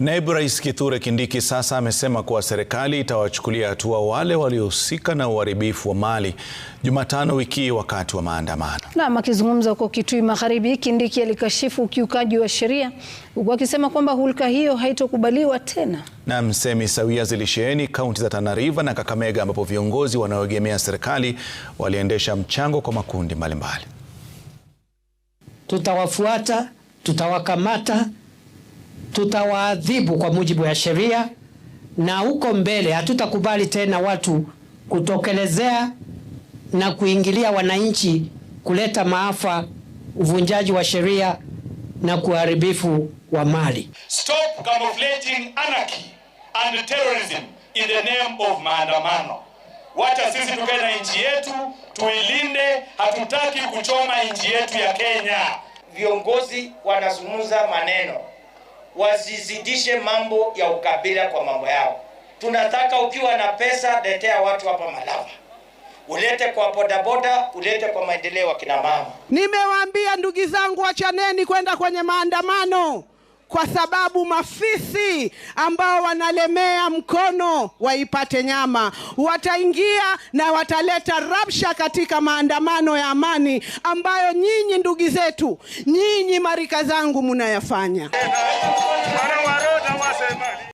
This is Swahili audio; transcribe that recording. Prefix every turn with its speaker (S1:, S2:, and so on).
S1: Naibu Rais Kithure Kindiki sasa amesema kuwa serikali itawachukulia hatua wale waliohusika na uharibifu wa mali Jumatano wiki hii wakati wa maandamano.
S2: Naam, akizungumza huko Kitui Magharibi, Kindiki alikashifu ukiukaji wa sheria huku akisema kwamba hulka hiyo haitokubaliwa tena.
S1: Na msemi sawia zilisheheni kaunti za Tana River na Kakamega ambapo viongozi wanaoegemea serikali waliendesha mchango kwa makundi mbalimbali.
S3: Tutawafuata, tutawakamata tutawaadhibu kwa mujibu wa sheria, na huko mbele hatutakubali tena watu kutokelezea na kuingilia wananchi, kuleta maafa, uvunjaji wa sheria na kuharibifu wa mali.
S4: Stop camouflaging anarchy and terrorism in the name of maandamano. Wacha sisi tukae na nchi yetu, tuilinde. Hatutaki kuchoma nchi yetu ya Kenya.
S5: Viongozi wanazungumza maneno wasizidishe mambo ya ukabila kwa mambo yao. Tunataka ukiwa na pesa letea watu hapa Malava, ulete kwa bodaboda, ulete kwa maendeleo ya kina mama.
S6: Nimewaambia ndugu zangu, achaneni kwenda kwenye maandamano kwa sababu mafisi ambao wanalemea mkono waipate nyama wataingia na wataleta rabsha katika maandamano ya amani ambayo nyinyi ndugu zetu, nyinyi marika zangu, munayafanya